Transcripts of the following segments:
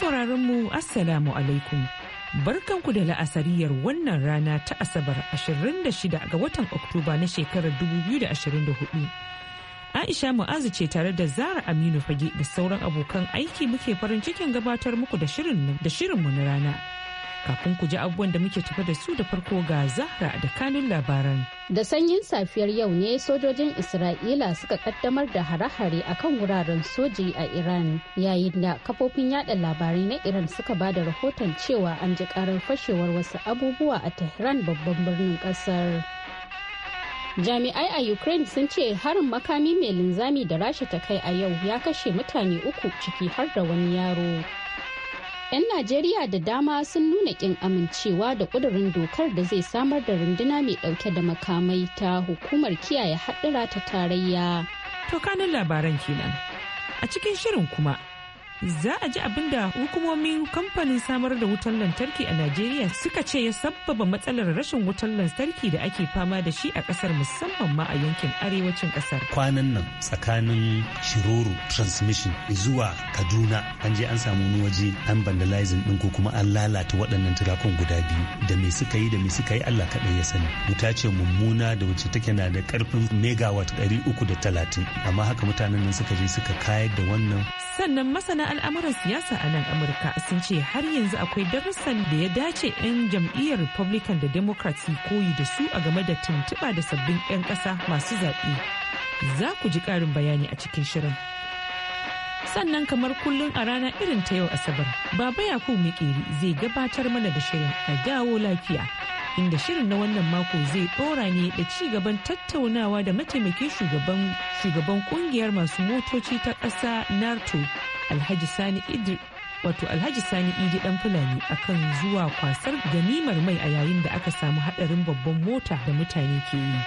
sauraronmu mu Assalamu alaikum. Barkanku da la'asariyar wannan rana ta Asabar 26 ga watan Oktoba na shekarar 2024. Aisha Mu'azu ce tare da Zara Aminu Fage da sauran abokan aiki muke farin cikin gabatar muku da shirinmu na rana. kafin ku ji abubuwan da muke tafi da su da farko ga zahra da kanun labaran. Da sanyin safiyar yau ne sojojin Isra'ila suka kaddamar da hare-hare a kan wuraren soji a Iran yayin da kafofin yada labarai na Iran suka ba da rahoton cewa an ji karar fashewar wasu abubuwa a Tehran babban birnin kasar. jami'ai a ukraine sun ce harin makami mai linzami da rasha ta kai a yau ya kashe mutane uku ciki har da wani yaro 'Yan Najeriya da dama sun nuna ƙin amincewa da ƙudurin dokar da zai samar da runduna mai ɗauke da makamai ta hukumar kiyaye haɗura ta tarayya. To kanin labaran kenan. A cikin shirin kuma za a ji abin da hukumomin kamfanin samar da wutar lantarki a najeriya suka ce ya sabbaba matsalar rashin wutar lantarki da ake fama da shi a kasar musamman ma a yankin arewacin kasar kwanan nan tsakanin shiroro transmission zuwa kaduna an je an samu waje an vandalizing din ko kuma an lalata waɗannan turakun guda biyu da me suka yi da me suka yi allah kaɗai ya sani wuta ce mummuna da wacce take na da karfin megawatt 330 amma haka mutanen nan suka je suka kayar da wannan sannan masana al'amuran siyasa a nan amurka sun ce har yanzu akwai darussan da ya dace 'yan jam'iyyar republican da democrats koyi da su a game da tuntuɓa da sabbin 'yan ƙasa masu zaɓe za ku ji ƙarin bayani a cikin shirin sannan kamar kullum a rana irin ta yau asabar baba yakub mikeri zai gabatar mana da shirin a dawo lafiya inda shirin na wannan mako zai ɗora ne da ci gaban tattaunawa da mataimakin shugaban kungiyar masu motoci ta ƙasa narto alhaji sani idri wato alhaji sani idi dan fulani akan zuwa kwasar ganimar mai a yayin da aka samu hadarin babban mota da mutane ke yi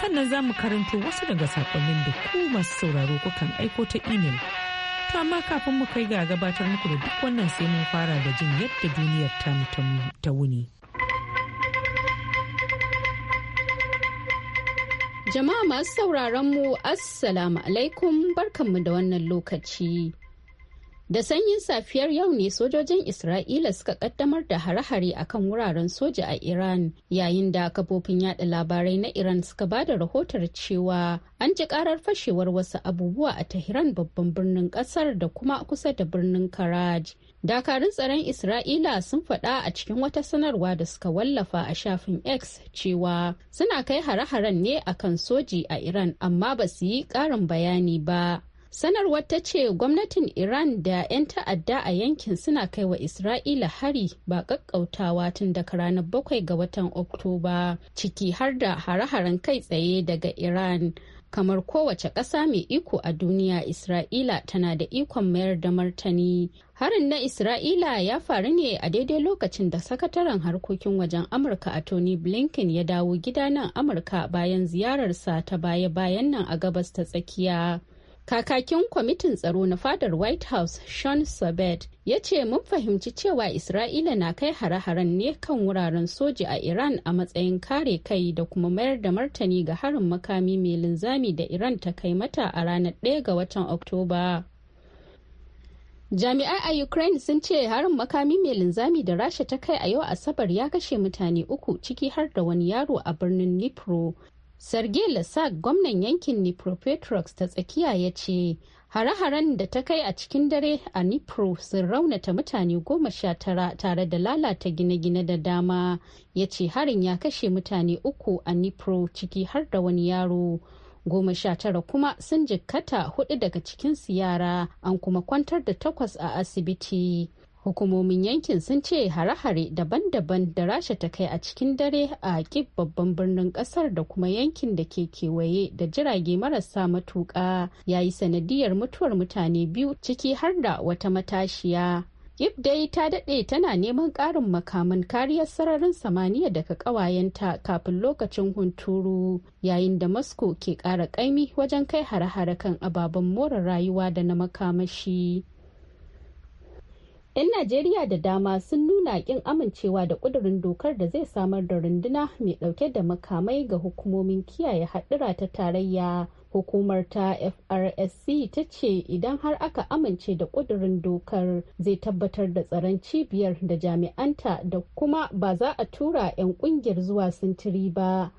sannan za mu karanto wasu daga sakonnin da ku masu sauraro kukan aiko ta imel to amma kafin mu kai ga gabatar muku da duk wannan sai mun fara da jin yadda duniyar tamu ta wuni jama'a masu sauraron mu assalamu alaikum barkanmu da wannan lokaci Da sanyin safiyar yau ne sojojin Isra'ila suka kaddamar da hare-hare a kan wuraren soja a Iran yayin da kafofin yada labarai na Iran suka ba da rahotar cewa an ji karar fashewar wasu abubuwa a Tehran babban birnin kasar da kuma kusa da birnin Karaj. Dakarun tsaron Isra'ila sun faɗa a cikin wata sanarwa da suka wallafa a shafin X cewa suna kai hare-haren ne akan soji a Iran amma ba su yi ƙarin bayani ba. sanarwar ta ce gwamnatin iran da 'yan ta'adda a yankin suna kai wa isra'ila hari ba kakkautawa tun daga ranar bakwai ga watan oktoba ciki har da hare-haren kai tsaye daga iran kamar kowace ƙasa mai iko a duniya isra'ila tana da ikon mayar da martani harin na isra'ila ya faru ne a daidai lokacin da sakataren harkokin wajen amurka a tony blinken ya dawo gida amurka bayan ziyararsa ta baya-bayan nan a gabas ta tsakiya Kakakin kwamitin tsaro na fadar White House Sean Sabet ya ce mun fahimci cewa Isra'ila na kai hare-haren ne kan wuraren soji a Iran a matsayin kare kai da kuma mayar da martani ga harin makami mai linzami da Iran ta kai mata a ranar 1 ga watan Oktoba. Jami'ai a Ukraine sun ce harin makami mai linzami da Rasha ta kai a yau Asabar ya kashe mutane uku ciki har da wani yaro a birnin Nipro sergei lasak gwamnan yankin nipropetrox ta tsakiya ya ce hare-haren da ta kai a cikin dare a nipro sun raunata mutane goma sha tara tare da lalata gine-gine da dama ya ce harin ya kashe mutane uku a nipro ciki har da wani yaro goma sha tara kuma sun jikkata hudu daga cikinsu yara an kuma kwantar da takwas a asibiti hukumomin yankin sun ce hare-hare daban-daban da rasha ta kai a cikin dare a kib babban birnin kasar da kuma yankin da ke kewaye da jirage marasa matuƙa ya yi sanadiyar mutuwar mutane biyu ciki har da wata matashiya Kif dai ta daɗe tana neman ƙarin makaman kariyar sararin samaniya daga ƙawayenta kafin lokacin hunturu yayin da Moscow ke ƙara ƙaimi wajen kai hare-hare kan ababen more rayuwa da na makamashi. 'Yan Najeriya da dama sun nuna kin amincewa da kudurin dokar da zai samar da runduna mai dauke da makamai ga hukumomin kiyaye haɗura ta tarayya. Hukumar ta FRSC ta ce idan har aka amince da kudurin dokar zai tabbatar da tsaron cibiyar da jami'anta da kuma ba za a tura 'yan ƙungiyar zuwa sintiri ba.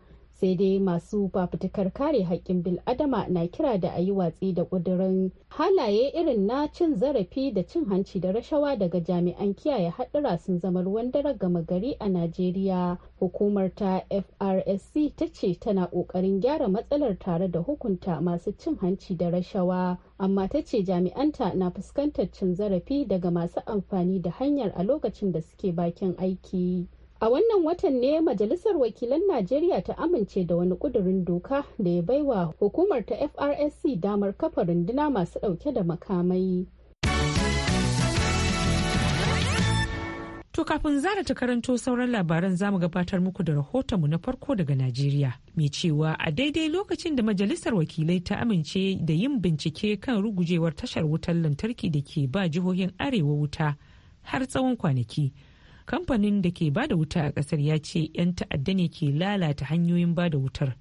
sai dai masu fafutukar kare haƙƙin bil'adama na kira da a yi watsi da ƙudurin halaye irin na cin zarafi da cin hanci da rashawa daga jami'an kiyaye haɗura sun zama ruwan dare gama gari a najeriya hukumar ta frsc ta ce tana ƙoƙarin gyara matsalar tare da hukunta masu cin hanci da rashawa amma ta ce jami'anta na fuskantar cin zarafi daga masu amfani da hanyar a lokacin da suke bakin aiki A wannan watan ne Majalisar Wakilan Najeriya ta amince da wani ƙudurin doka da ya baiwa hukumar ta FRSC damar kafa runduna masu ɗauke da makamai. To kafin zara ta karanto sauran labaran zamu gabatar muku da mu na farko daga Najeriya. Mai cewa a daidai lokacin da Majalisar Wakilai ta amince da yin bincike kan rugujewar tashar wutar lantarki da ke ba jihohin Arewa wuta har tsawon kwanaki. kamfanin da ke bada wuta a kasar ya ce 'yan ta'adda ne ke lalata hanyoyin bada wutar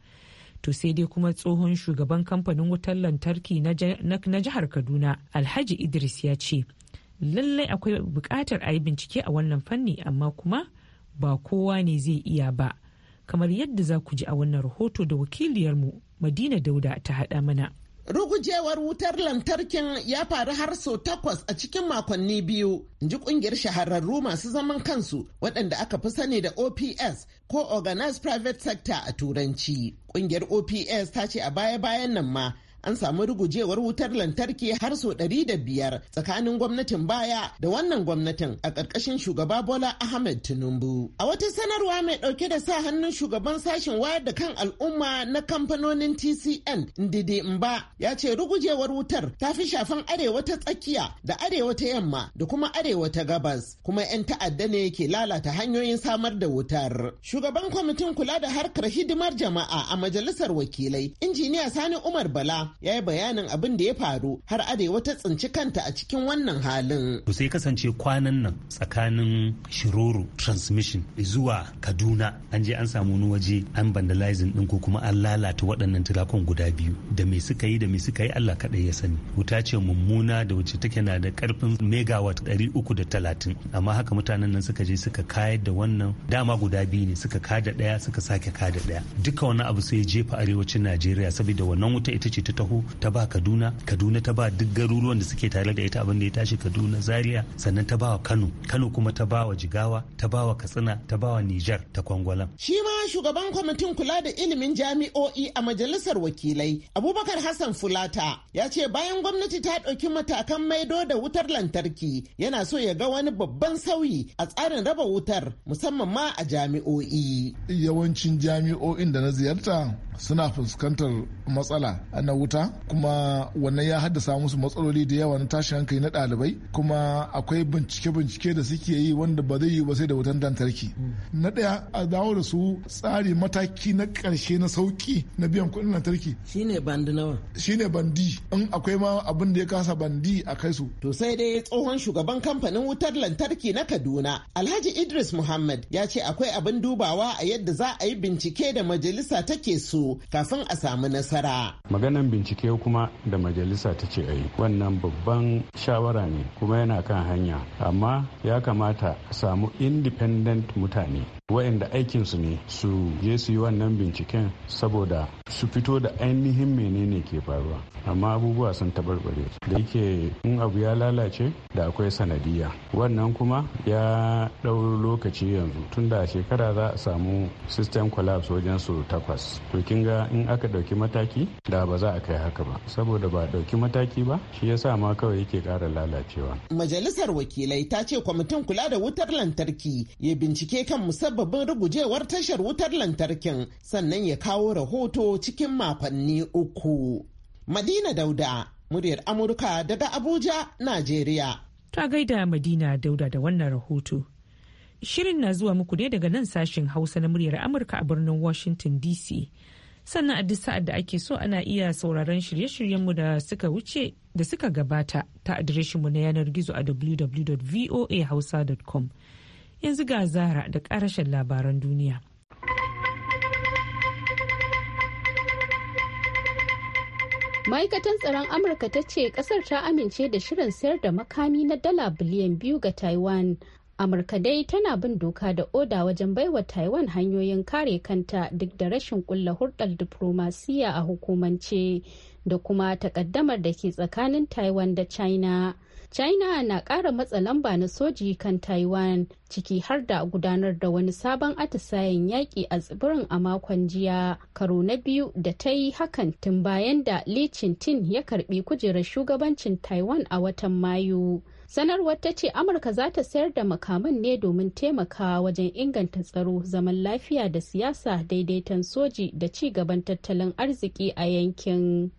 to sai dai kuma tsohon shugaban kamfanin wutar lantarki na jihar kaduna alhaji idris ya ce lallai akwai bukatar a yi bincike a wannan fanni amma kuma ba kowa ne zai iya ba kamar yadda za ku ji a wannan rahoto da wakiliyarmu madina dauda ta haɗa mana Rugujewar wutar lantarkin ya faru har sau takwas a cikin makonni biyu, in ji ƙungiyar shahararru masu zaman kansu waɗanda aka fi sani da OPS ko Organized Private Sector a Turanci. ƙungiyar OPS ta ce a baya-bayan nan ma an samu rugujewar wutar lantarki har sau ɗari da biyar tsakanin gwamnatin baya da wannan gwamnatin a ƙarƙashin shugaba Bola Ahmed Tinubu. A wata sanarwa mai ɗauke da sa hannun shugaban sashen wayar da kan al'umma na kamfanonin TCN Ndidi Mba ya ce rugujewar wutar ta fi shafan arewa ta tsakiya da arewa ta yamma da kuma arewa ta gabas kuma 'yan ta'adda ne ke lalata hanyoyin samar da wutar. Shugaban kwamitin kula da harkar hidimar jama'a a majalisar wakilai injiniya Sani Umar Bala ya yi bayanin abin da ya faru har arewa ta tsinci kanta a cikin wannan halin. sai kasance kwanan nan tsakanin shiroro transmission zuwa kaduna an je an samu wani waje an vandalizing din ko kuma an lalata waɗannan tirakon guda biyu da me suka yi da me suka yi allah kaɗai ya sani wuta ce mummuna da wacce take na da karfin da talatin amma haka mutanen nan suka je suka kayar da wannan dama guda biyu ne suka kada ɗaya suka sake kada ɗaya duka wani abu sai jefa arewacin najeriya saboda wannan wuta ita ce ta taho ta ba kaduna kaduna ta ba duk garuruwan da suke tare da ita abin da ya tashi kaduna zaria sannan ta ba wa kano kano kuma ta ba wa jigawa ta ba wa katsina ta ba wa nijar ta kwangwalam shi ma shugaban kwamitin kula da ilimin jami'o'i a majalisar wakilai abubakar hassan fulata ya ce bayan gwamnati ta ɗauki matakan maido da wutar lantarki yana so ya ga wani babban sauyi a tsarin raba wutar musamman ma a jami'o'i yawancin jami'o'in da na ziyarta suna fuskantar matsala na wutar makaranta kuma wannan ya haddasa musu matsaloli da yawa na tashin hankali na ɗalibai kuma akwai bincike-bincike da suke yi wanda ba zai yi ba sai da wutan lantarki na ɗaya a dawo da su tsari mataki na ƙarshe na sauki na biyan kuɗin lantarki shine bandi nawa shine bandi in akwai ma abin da ya kasa bandi a kai su to sai dai tsohon shugaban kamfanin wutar lantarki na Kaduna Alhaji Idris Muhammad ya ce akwai abin dubawa a yadda za a yi bincike da majalisa take so kafin a samu nasara maganan bincike kuma da majalisa ta ce a yi wannan babban shawara ne kuma yana kan hanya amma ya kamata samu independent mutane waɗanda aikinsu ne su je su yi wannan binciken saboda su fito da ainihin menene ke faruwa amma abubuwa sun tabarbare da yake in abu ya lalace da akwai sanadiyya wannan kuma ya ɗau lokaci yanzu tun da shekara za a samu system collapse wajen su takwas to kin ga in aka ɗauki mataki da ba za a kai haka ba saboda ba ɗauki mataki ba shi yasa ma kawai yake ƙara lalacewa majalisar wakilai ta ce kwamitin kula da wutar lantarki ya bincike kan musabbabin babban rugujewar tashar wutar lantarkin sannan ya kawo rahoto cikin mafanni uku. Madina Dauda, muryar Amurka daga Abuja, Najeriya. Ta gaida Madina Dauda da wannan rahoto. Shirin na zuwa muku ne daga nan sashen Hausa na muryar Amurka a birnin Washington DC. Sannan a duk sa'ad da ake so ana iya sauraron shirye-shiryenmu da suka wuce da suka gabata ta adireshinmu na yanar gizo a www.voahausa.com. yanzu ga zara da karashin labaran duniya. ma'aikatan tsaron amurka ta ce kasar ta amince da shirin sayar da makami na dala biliyan biyu ga taiwan amurka dai tana bin doka da oda wajen baiwa taiwan hanyoyin kare kanta duk da rashin kulla hurdar diplomasiya a hukumance da kuma takaddamar da ke tsakanin taiwan da china china na ƙara matsa lamba na soji kan taiwan ciki har da gudanar da wani sabon atisayen yaƙi a tsibirin a makon jiya karo na biyu da ta yi hakan tun bayan da li tin ya karbi kujerar shugabancin taiwan a watan mayu sanarwar ta ce amurka za ta sayar da makaman ne domin taimakawa wajen inganta tsaro zaman lafiya da siyasa daidaitan soji da ci gaban tattalin arziki a yankin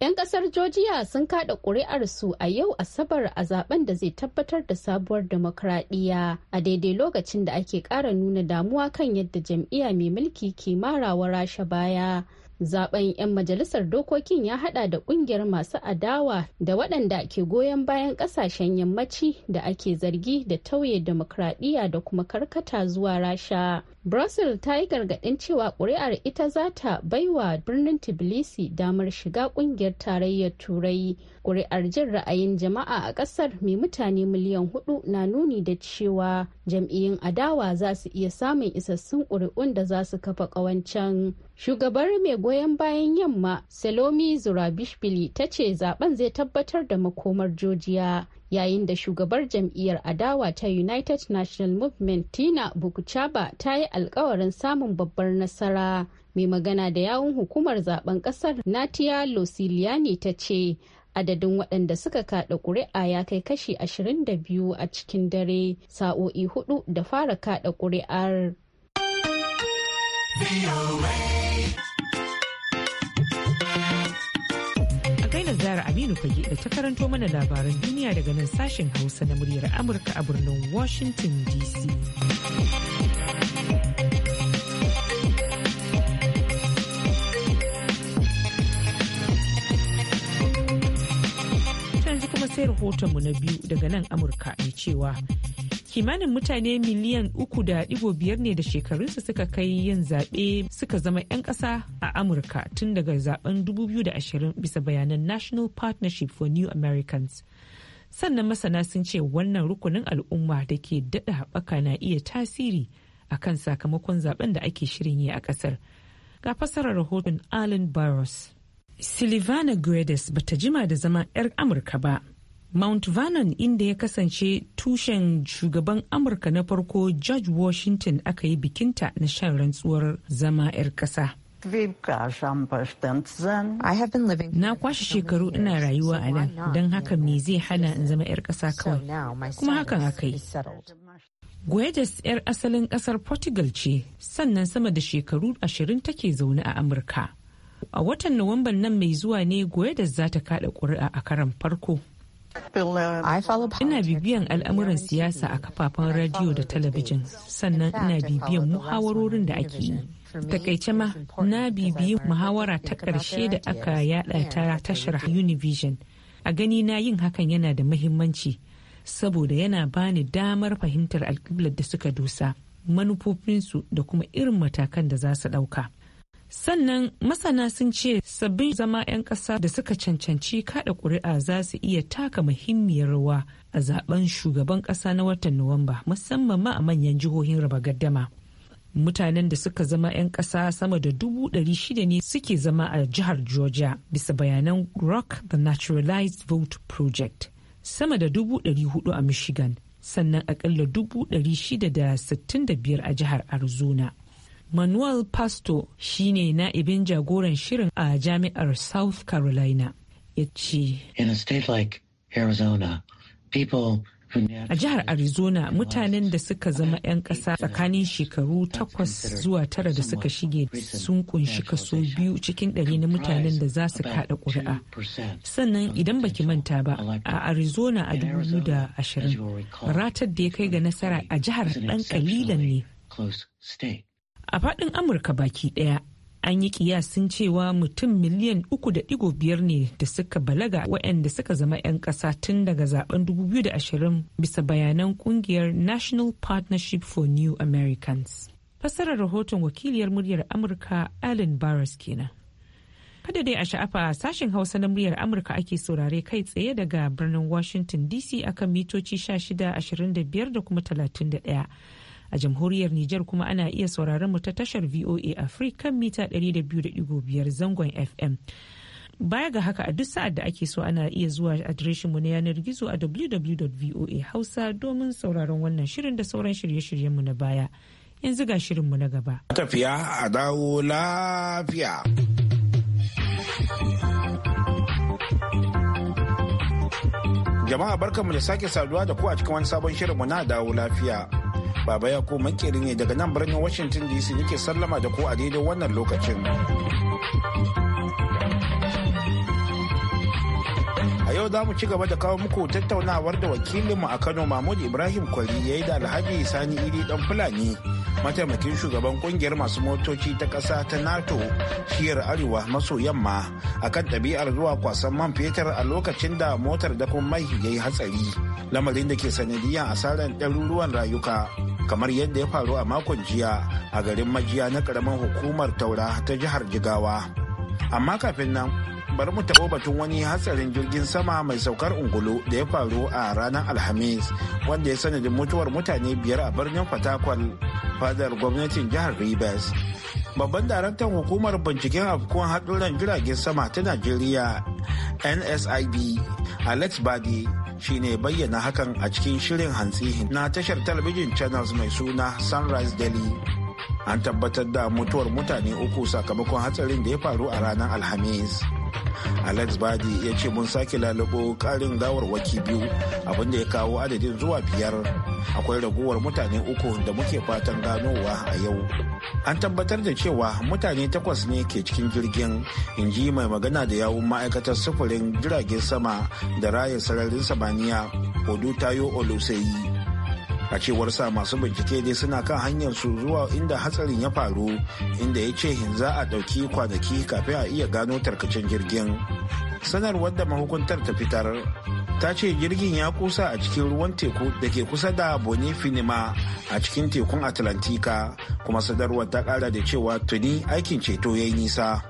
'yan kasar georgia sun kada kuri'arsu a yau asabar a zaben da zai tabbatar da sabuwar demokradiyya a daidai lokacin da ake kara nuna damuwa kan yadda jam'iyya mai mulki ke marawa rasha baya zaben 'yan majalisar dokokin ya hada da kungiyar masu adawa da waɗanda ke goyon bayan ƙasashen yammaci da ake zargi da tauye demokradiyya da kuma karkata zuwa rasha brussels ta yi gargaɗin cewa ƙuri'ar ita za ta baiwa birnin tbilisi damar shiga ƙungiyar tarayyar turai ƙuri'ar jin ra'ayin jama'a a ƙasar mai mutane miliyan hudu na nuni da cewa jam'iyyun adawa za su iya samun isassun ƙuri'un da za su kafa ƙawancen shugabar mai goyon bayan yamma Salomi Zurabishvili ta ce zaben zai tabbatar da makomar Jojiya yayin da shugabar jam'iyyar adawa ta United National Movement Tina Bukuchaba ta yi alkawarin samun babbar nasara. Mai magana da yawun hukumar zaben kasar Natia Losiliani ta ce adadin waɗanda suka kaɗa ƙuri'a ya kai kashi 22 a cikin dare sa'o'i hudu da fara kaɗa ƙuri'ar. Zara Aminu fage da ta karanto mana labaran duniya daga nan sashen Hausa na muryar Amurka a birnin Washington DC. Yanzu kuma sai rahotonmu na biyu daga nan Amurka mai cewa kimanin mutane miliyan uku da digo biyar ne da shekarunsu suka kai yin zaɓe suka zama 'yan ƙasa a amurka tun daga zaben 2020 bisa bayanan national partnership for new americans sannan masana sun ce wannan rukunin al'umma da ke daɗa haɓaka na iya tasiri a kan sakamakon zaben da ake shirin yi a ƙasar ga fasarar rahoton allen barros silvana guedes bata jima da zama 'yar amurka ba Mount Vernon inda ya kasance tushen shugaban Amurka na farko George Washington aka yi bikinta na shan rantsuwar zama 'yar ƙasa. Na kwashe shekaru ina rayuwa a nan don haka me zai hana in zama 'yar ƙasa kawai, kuma hakan aka yi. Guedes 'yar asalin ƙasar Portugal ce, sannan sama da shekaru ashirin take zaune a Amurka. A watan Nuwamban nan mai zuwa ne Guedes za ta kaɗa ƙuri'a a karan farko. Ina bibiyan al'amuran siyasa a kafafen radiyo da talabijin sannan ina bibiyan muhawarorin da ake yi. Takaice ma na bibiyi muhawara ta ƙarshe da aka yada ta tashar Univision. A gani na yin hakan yana da mahimmanci saboda yana bani damar fahimtar alƙiblar da suka dusa manufofinsu da kuma irin matakan da za su ɗauka. sannan masana sun ce sabbin zama 'yan ƙasa da suka cancanci kada ƙuri'a za su iya taka muhimmiyar rawa a zaben shugaban ƙasa na watan nuwamba musamman ma a manyan jihohin raba gaddama mutanen da suka zama 'yan ƙasa sama da dubu shida ne suke zama a jihar georgia bisa bayanan rock the naturalized vote project sama da dubu hudu a michigan sannan akalla dubu shida da sittin da biyar a jihar arizona manuel pasto shine na'ibin jagoran shirin a jami'ar south carolina ya ce A jihar Arizona mutanen da suka zama 'yan ƙasa tsakanin shekaru takwas zuwa tara da suka shige sun kunshi kaso biyu cikin ɗari na mutanen da za su kaɗa ƙuri'a. Sannan idan baki manta ba a Arizona a 2020 ratar da ya kai ga nasara a jihar ɗan ƙalilan ne. a faɗin amurka baki ɗaya an yi kiyasin cewa mutum miliyan uku da 3.5 ne da suka balaga waɗanda suka zama 'yan ƙasa tun daga zaben 2020 bisa bayanan ƙungiyar national partnership for new americans fassarar rahoton wakiliyar muryar amurka allen barras kenan kada dai a sha'afa sashen hausa na muryar amurka ake saurare kai tsaye daga birnin washington dc akan mitoci 16 25 da kuma 31 A jamhuriyar Nijar kuma ana iya sauraron mu ta tashar VOA Africa kan mita 200.5 zangon FM. Baya ga haka a duk sa'ad da ake so ana iya zuwa adireshin mu na yanar gizo a hausa domin sauraron wannan shirin da sauran shirye-shiryen mu na baya. Yanzu ga shirin mu na gaba. Tafiya a dawo lafiya. Jama'a barkanmu da sake saduwa da ku a cikin wani sabon shirinmu na dawo lafiya. Baba ya ko makeri ne daga nan birnin Washington DC nake sallama da ku a daidai wannan lokacin. A yau za mu ci gaba da kawo muku tattaunawar da wakilinmu a Kano Mahmud Ibrahim Kwari ya yi da Alhaji Sani Iri dan Fulani, mataimakin shugaban kungiyar masu motoci ta ƙasa ta NATO shiyar Arewa maso yamma akan ɗabi'ar zuwa kwasan man fetur a lokacin da motar da kuma mai ya yi hatsari, lamarin da ke sanadiyar asarar ɗaruruwan rayuka. kamar yadda ya faru a makon jiya a garin majiya na karamar hukumar taura ta jihar jigawa amma kafin nan bari mu taɓo batun wani hatsarin jirgin sama mai saukar ungulu da ya faru a ranar alhamis wanda ya sanadin mutuwar mutane biyar a birnin fatakwal fadar gwamnatin jihar Ribes. babban daraktan hukumar binciken afkuwan haɗuran jiragen sama ta najeriya nsib alex badi shine bayyana hakan a cikin shirin hantsi na tashar talabijin channels mai suna sunrise daily an tabbatar da mutuwar mutane uku sakamakon hatsarin da ya faru a ranar alhamis alex badi ya ce mun sake lalubo karin gawarwaki biyu abinda ya kawo adadin zuwa biyar akwai raguwar mutane uku da muke fatan ganowa a yau an tabbatar da cewa mutane takwas ne ke cikin jirgin in ji mai magana da yawun ma'aikatar sufurin jiragen sama da raya sararin samaniya odu tayo oluseyi a cewar sa masu bincike dai suna kan hanyar su zuwa inda hatsarin ya faru inda ya ce za a ɗauki kwanaki kafin a iya gano tarkacen jirgin sanarwar da mahukuntar ta fitar ta ce jirgin ya kusa a cikin ruwan teku da ke kusa da finima a cikin tekun atlantika kuma sadarwar ta kara da cewa tuni aikin ceto ya yi nisa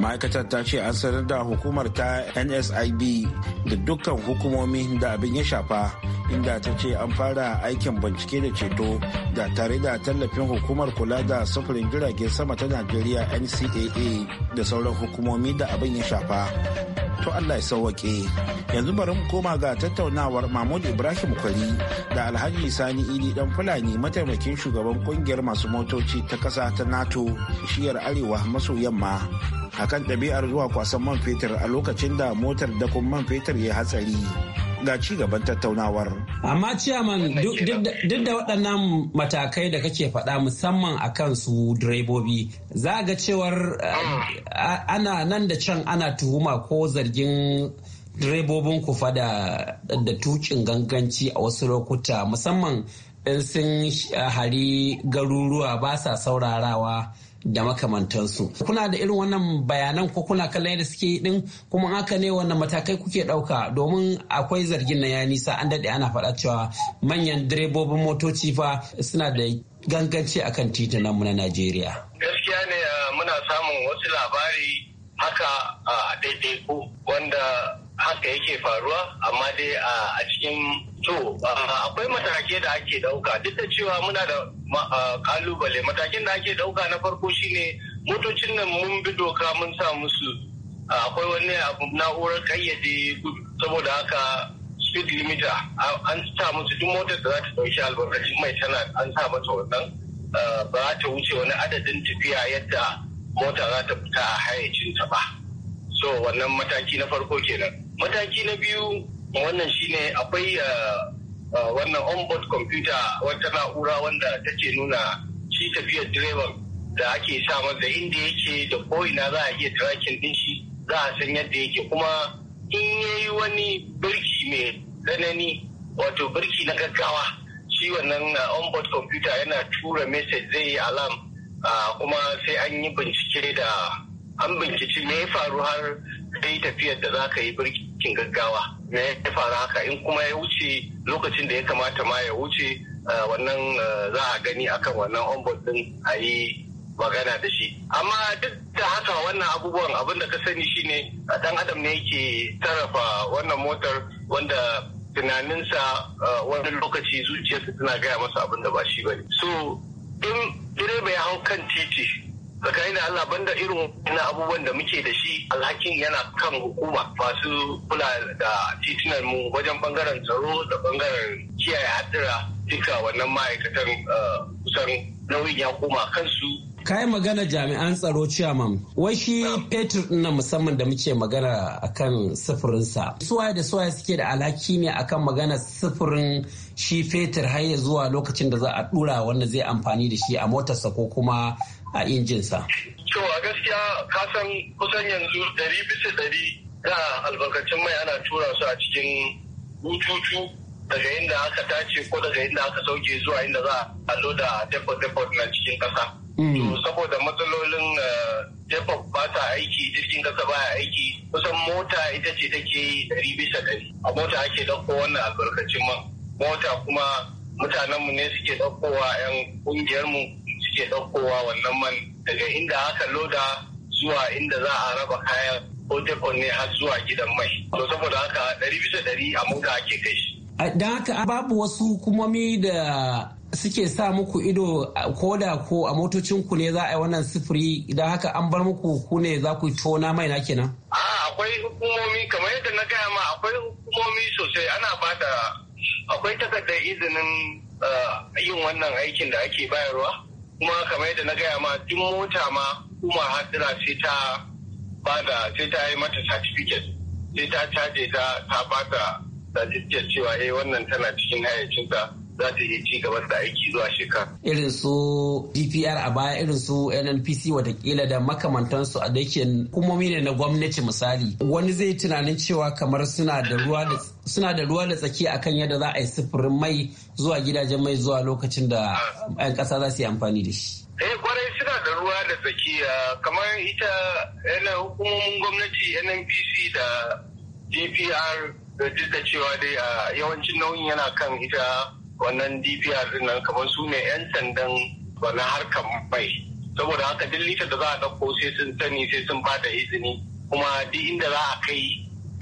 ma'aikatar ta ce an sanar da hukumar ta nsib da dukkan hukumomi da abin ya shafa inda ta ce an fara aikin bincike da ceto da tare da tallafin hukumar kula da sufurin jiragen sama ta najeriya ncaa da sauran hukumomi da abin ya shafa to allah ya sauwaƙe yanzu bari mu koma ga tattaunawar mahmud ibrahim kwari da alhaji sani idi dan fulani mataimakin shugaban kungiyar masu motoci ta ƙasa ta nato shiyar arewa maso yamma akan ɗabi'ar zuwa kwasan man fetur a lokacin da motar dakon man fetur ya hatsari ga ci gaban tattaunawar. Amma ciyaman duk da waɗannan matakai da kake faɗa musamman a kan su direbobi za ga cewar eh, ana nan da can ana tuhuma ko zargin direbobin ku fada da tukin ganganci a wasu lokuta musamman in sun eh, hari garuruwa ba sa saurarawa. da makamantansu kuna da irin wannan bayanan ko kuna kallon yadda suke din kuma haka ne wannan matakai kuke ɗauka domin akwai zargin na ya nisa an daɗe ana faɗa cewa manyan direbobin motoci fa suna da ganganci akan titunan mu na Najeriya. Gaskiya ne eh, muna samun wasu labari haka a daidaiku wanda haka yake faruwa amma dai eh, a cikin To, akwai matake da ake dauka duk da cewa muna da kalubale matakin da ake dauka na farko shine motocin nan mun bi doka mun sa musu akwai wani abu na'urar kayyade saboda haka speed limiter an sa musu duk motar da za ta dauki albarkacin mai tana an sa mata wannan ba ta wuce wani adadin tafiya yadda mota za ta fita a hayacinta ba so wannan mataki na farko kenan mataki na biyu wannan shine akwai eh, eh, wannan onboard computer wata na'ura wanda take nuna shi tafiyar direban da ake sa masa inda yake da ko'ina za a iya tracking din shi za a san yadda yake kuma in ya yi wani birki mai tsanani wato birki na gaggawa shi wannan eh, onboard computer yana tura message zai yi alam kuma sai an yi bincike da an binciki me ya faru har kai tafiyar da za ka yi birkin gaggawa ne ya faru haka in kuma ya wuce lokacin da ya kamata ma ya wuce eh, wannan eh, za a gani akan wannan ombud din a yi magana da shi amma duk da haka wannan abubuwan abin da ka sani shine dan adam ne yake sarrafa wannan motar wanda tunaninsa eh, wani lokaci zuciyarsa tana gaya masa abin da ba shi bane so in direba ya hau kan titi tsakanin da Allah banda irin na abubuwan da muke da shi alhakin yana kan hukuma masu kula da titunan mu wajen bangaren tsaro da bangaren kiyaye hadira duka wannan ma'aikatan eh, kusan nauyin ya koma kansu kai magana jami'an tsaro chairman wai shi fetur na musamman da muke magana akan sa suwaye da suwaye suke da alhaki ne akan magana sufurin shi fetur har ya zuwa lokacin da za a dura wanda zai amfani da shi a motarsa ko kuma a injinsa. To a gaskiya ka san kusan yanzu ɗari bisa ɗari da albarkacin mai ana tura su a cikin bututu daga inda aka tace ko daga inda aka sauke zuwa inda za a loda depot-depot na cikin ƙasa. Mm. saboda matsalolin eh, depot ba ta aiki jirgin ƙasa ba ya aiki kusan mota ita ce take yi ɗari bisa ɗari a mota ake ɗauko wannan albarkacin man mota kuma mutanenmu ne suke ɗaukowa 'yan ƙungiyarmu suke ɗaukowa wannan man daga inda aka loda zuwa inda za a raba kayan ko ne har zuwa gidan mai. To saboda haka ɗari bisa ɗari a mota ake kai shi. Don haka babu wasu hukumomi da suke sa muku ido ko da ko a motocin ku ne za a yi wannan sufuri idan haka an bar muku ku ne za ku tona mai na kenan. akwai hukumomi kamar yadda na gaya ma akwai hukumomi sosai ana bada akwai takardar izinin eh, yin wannan aikin da ake bayarwa. kuma kamar yadda na gaya ma duk mota ma kuma hadira sai ta bada sai ta yi mata certificate sai ta caje ta ta bata certificate cewa eh wannan tana cikin hayyacinta za ta iya ci gaba da aiki zuwa shekara. Irin su DPR a baya irin su NNPC watakila da makamantansu a dakin hukumomi ne na gwamnati misali. Wani zai tunanin cewa kamar suna da ruwa da suna da ruwa da tsaki akan yadda za a yi sufurin mai zuwa gidajen mai zuwa lokacin da 'yan ƙasa za su yi amfani da shi. Eh kwarai suna da ruwa da tsaki. kamar ita yana eh, hukumomin gwamnati NNPC da DPR da duk da cewa dai a yawancin nauyin yana kan ita wannan dpr din nan kamar su ne 'yan sandan wannan harkar mai saboda haka duk litar da za a ɗauko sai sun sani sai sun ba da izini kuma duk inda za a kai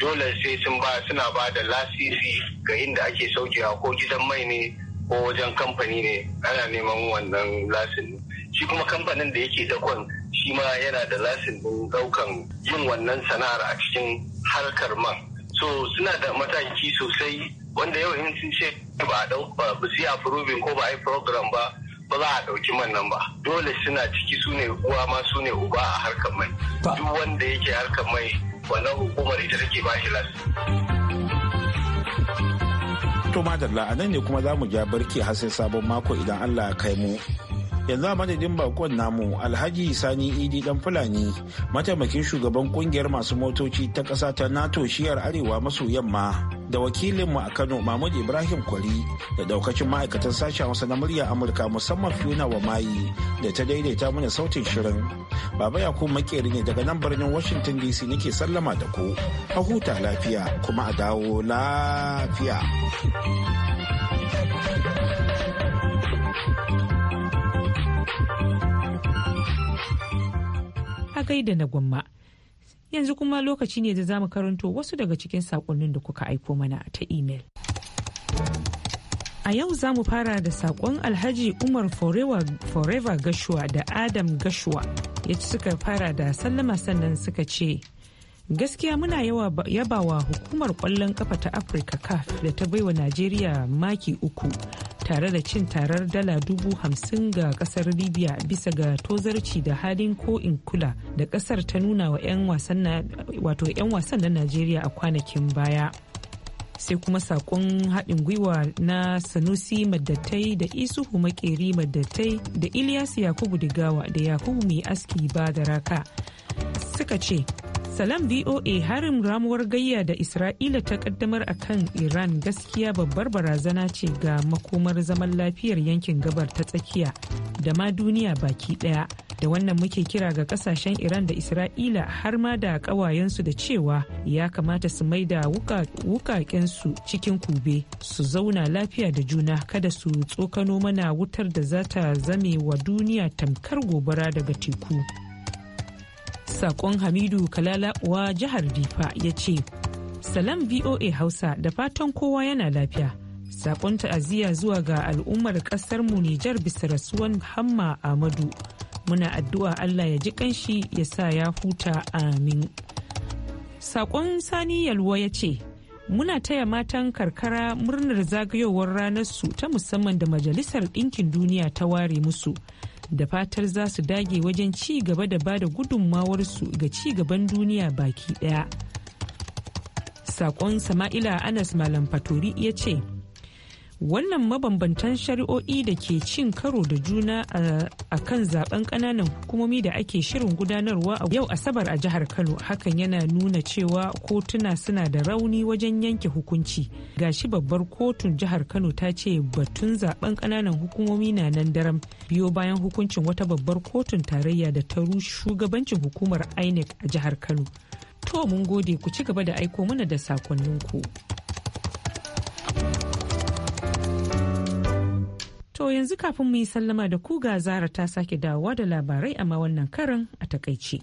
dole sai sun ba suna ba da lasisi ga inda ake saukewa ko gidan mai ne ko wajen kamfani ne ana neman wannan lasin shi kuma kamfanin da yake dakon shi ma yana da lasin din daukan yin wannan sana'ar a cikin harkar man so suna da mataki sosai wanda yau in sun ce ba a ba su yi approving ko ba a yi program ba ba za a ɗauki man ba dole suna ciki su ne uwa ma su ne uba a harkar mai duk wanda yake harkar mai wannan hukumar ita take ba shi to madalla a ne kuma za mu ja barki har sai sabon mako idan Allah ya kai mu yanzu a madadin bakon namu alhaji sani idi dan fulani mataimakin shugaban kungiyar masu motoci ta ƙasa ta nato shiyar arewa maso yamma da wakilinmu a kano mahmud ibrahim kwari da daukacin ma'aikatan sashen wasa na murya amurka musamman fiona wa mayi da ta daidaita mana sautin shirin baba ya kuma makeri ne daga nan birnin washington dc nake sallama da ku a huta lafiya kuma a dawo lafiya da na gwamma. Yanzu kuma lokaci ne da za mu karanto wasu daga cikin saƙonnin da kuka aiko mana ta imel. A yau za mu fara da saƙon Alhaji Umar Forever Gashuwa da Adam Gashuwa ya ci suka fara da sallama sannan suka ce, Gaskiya muna yabawa hukumar ƙwallon kafa ta Afirka CAF da ta baiwa Najeriya maki uku tare da cin tarar dala dubu hamsin ga kasar libya bisa ga tozarci da halin ko in kula da kasar ta nuna wa 'yan wasan na najeriya a kwanakin baya sai kuma sakon haɗin gwiwa na sanusi maddatai da isuhu makeri maddatai da ilyas yakubu digawa da yakubu mai aski ba da raka suka ce Salam VOA harin ramuwar gayya da Isra'ila ta kaddamar a kan Iran gaskiya babbar barazana ce ga makomar zaman lafiyar yankin gabar ta tsakiya da ma duniya baki daya. Da wannan muke kira ga kasashen Iran da Isra'ila har ma da kawayensu da cewa ya kamata su maida wukakensu cikin kube su zauna lafiya da juna kada su tsokano mana wutar da za ta zame wa duniya tamkar gobara daga teku. Sakon Hamidu Kalala wa jihar Difa ya ce, Salam VOA Hausa da fatan kowa yana lafiya. Sakon ta'aziyya zuwa ga al'ummar mu Nijar bisa rasuwan Hamma Ahmadu. Muna addu'a Allah ya ji kanshi ya sa ya huta amin. Sakon Sani Yalwa ya ce, Muna taya matan karkara murnar zagayowar ranar su ta musamman da Majalisar Ɗinkin Duniya ta ware musu. da fatar za su dage wajen ci gaba da ba da su ga ci gaban duniya baki daya. Sakon Sama'ila Anas Malam Fatori ya ce, wannan mabambantan shari'o'i da ke cin karo da juna eh, a kan zaben kananan hukumomi da ake shirin gudanarwa a yau asabar a jihar kano hakan yana nuna cewa kotuna suna da rauni wajen yanke hukunci ga shi babbar kotun jihar kano ta ce batun zaben kananan hukumomi na nan daram biyo bayan hukuncin wata babbar kotun tarayya da ta shugabancin hukumar inec a jihar kano to mun gode ku ci gaba da aiko mana da sakonninku. To yanzu kafin mu yi sallama da ku ga zara ta sake dawowa da labarai amma wannan karin a takaici.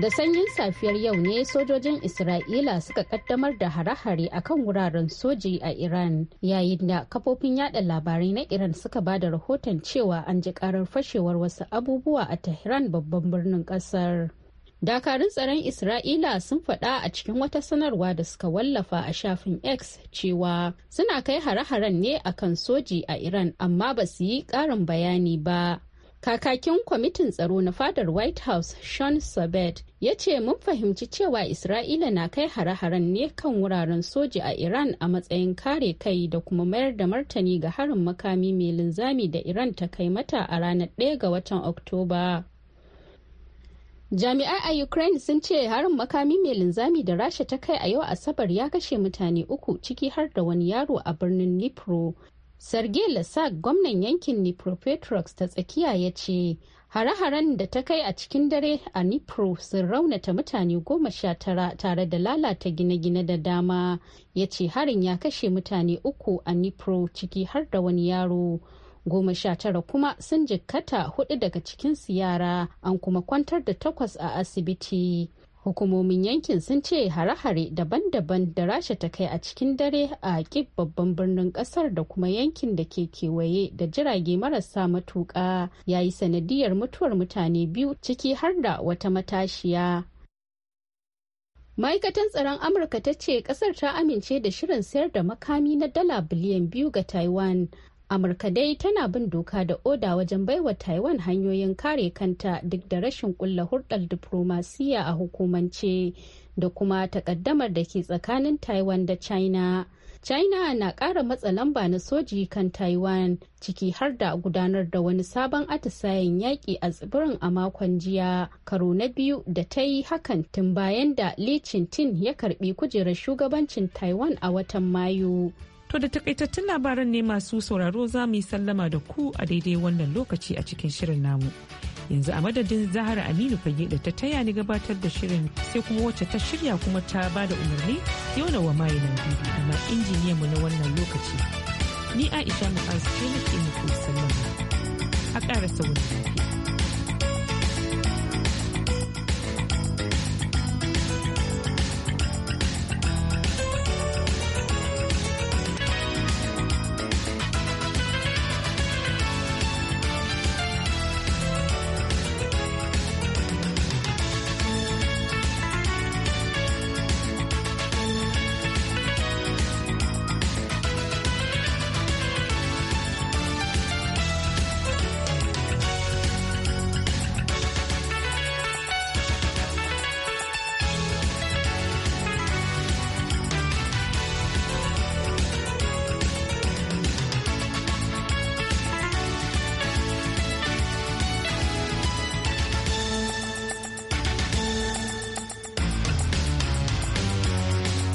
Da sanyin safiyar yau ne sojojin Isra'ila suka kaddamar da hare-hare a kan wuraren soji a Iran yayin da kafofin yada labarai na Iran suka ba da rahoton cewa an ji karar fashewar wasu abubuwa a Tehran babban birnin kasar. dakarun tsaron isra'ila sun faɗa a cikin wata sanarwa da suka wallafa a shafin x cewa suna kai hare-haren ne a kan soji a iran amma ba su yi ƙarin bayani ba kakakin kwamitin tsaro na fadar white house sean sabet ya ce mun fahimci cewa isra'ila na kai hare-haren ne kan wuraren soji a iran a matsayin kare kai da kuma mayar da martani ga harin makami mai linzami da iran ta kai mata a ranar 1 ga watan oktoba Jami'ai a Ukraine sun ce harin makami mai linzami da Rasha ta kai a yau Asabar ya kashe mutane uku ciki har da wani yaro a birnin Nipro. Sergei Lasak gwamnan yankin Nipropetrox ta tsakiya ya ce hare-haren da ta kai a cikin dare a Nipro sun raunata mutane goma sha tara tare da lalata gine-gine da dama ya ce harin ya kashe mutane uku a Nipro ciki har da wani yaro. goma sha tara kuma sun jikkata hudu daga cikin yara an kuma kwantar da takwas a asibiti hukumomin yankin sun ce hare-hare daban-daban da rasha ta kai a cikin dare a kib babban birnin kasar da kuma yankin da ke kewaye da jirage marasa matuka ya yi sanadiyar mutuwar mutane biyu ciki har da wata matashiya ma'aikatan tsaron amurka ta ce kasar ta amince da shirin sayar da makami na dala biliyan biyu ga taiwan amurka dai tana bin doka da oda wajen baiwa taiwan hanyoyin kare kanta duk da rashin kulla hurdar diplomasiya a hukumance da kuma takaddamar da ke tsakanin taiwan da china china na ƙara matsa lamba na soji kan taiwan ciki har da gudanar da wani sabon atisayen yaƙi a tsibirin a makon jiya karo na biyu da ta yi hakan tun bayan da li ya karbi kujerar shugabancin taiwan a watan mayu To da takaitattun labaran ne masu sauraro za mu yi sallama da ku a daidai wannan lokaci a cikin shirin namu. Yanzu a madadin Zahara Aminu fage da ta taya ni gabatar da shirin sai kuma wacce ta shirya kuma ta ba da umarni yau wa mayi nan biyu amma mu na wannan lokaci. Ni Aisha Mu'azu ce nake muku sallama. A ƙara sauri lafiya.